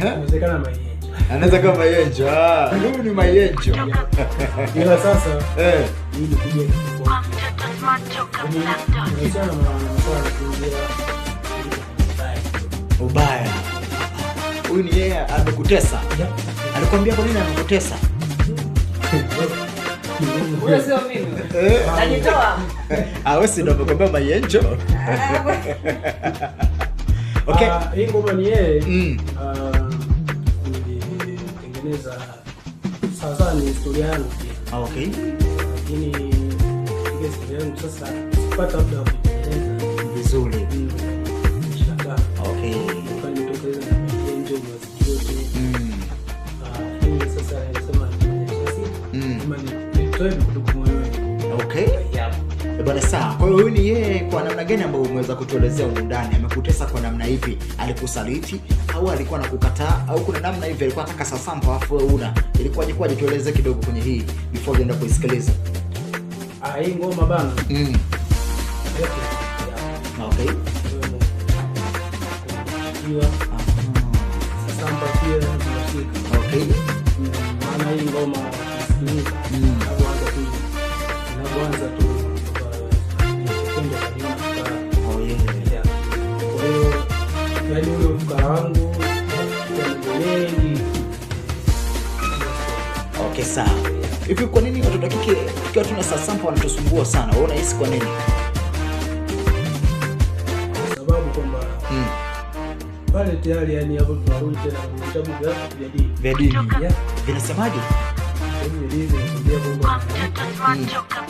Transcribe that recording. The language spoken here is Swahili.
Inawezekana maenjo. Anaweza kama maenjo. Ah, huyu ni maenjo. Ila sasa eh, hii ni kuja kwa ubaya. Huyu ni yeye amekutesa. Alikwambia kwa nini amekutesa? Wewe eh. ah, si ndio umekwambia maenjo? Ah, okay. Ah, hii ngoma ni yeye. Mm. Uh, kutengeneza sawasawa, ni historia yangu pia. Ah, okay, lakini ile historia yangu sasa sipata muda wa kutengeneza vizuri. Okay, yeah Eh, bwana saa Kwa hiyo huyu ni yeye kwa namna gani ambayo umeweza kutuelezea huko ndani, amekutesa kwa namna ipi? Alikusaliti au alikuwa anakukataa au kuna namna hivi alikuwa anataka sasampa afu una ilikuwaje? Kwaje, jitueleze kidogo kwenye hii before tuende kuisikiliza. Ah, hii ngoma bana. Mm. Ah, okay. Ah. Sasa mpaka pia tunashika. Okay. Maana hii ngoma ule ufukara mengi. Okay, sawa. Hivi kwa nini watoto kike tukiwa tuna sasampa wanatusumbua sana? Wewe unahisi kwa nini? Sababu kwamba mm. pale tayari yani hapo tunarudi tena vitabu vya vya dini. Vya dini. Vinasemaje? Yaani,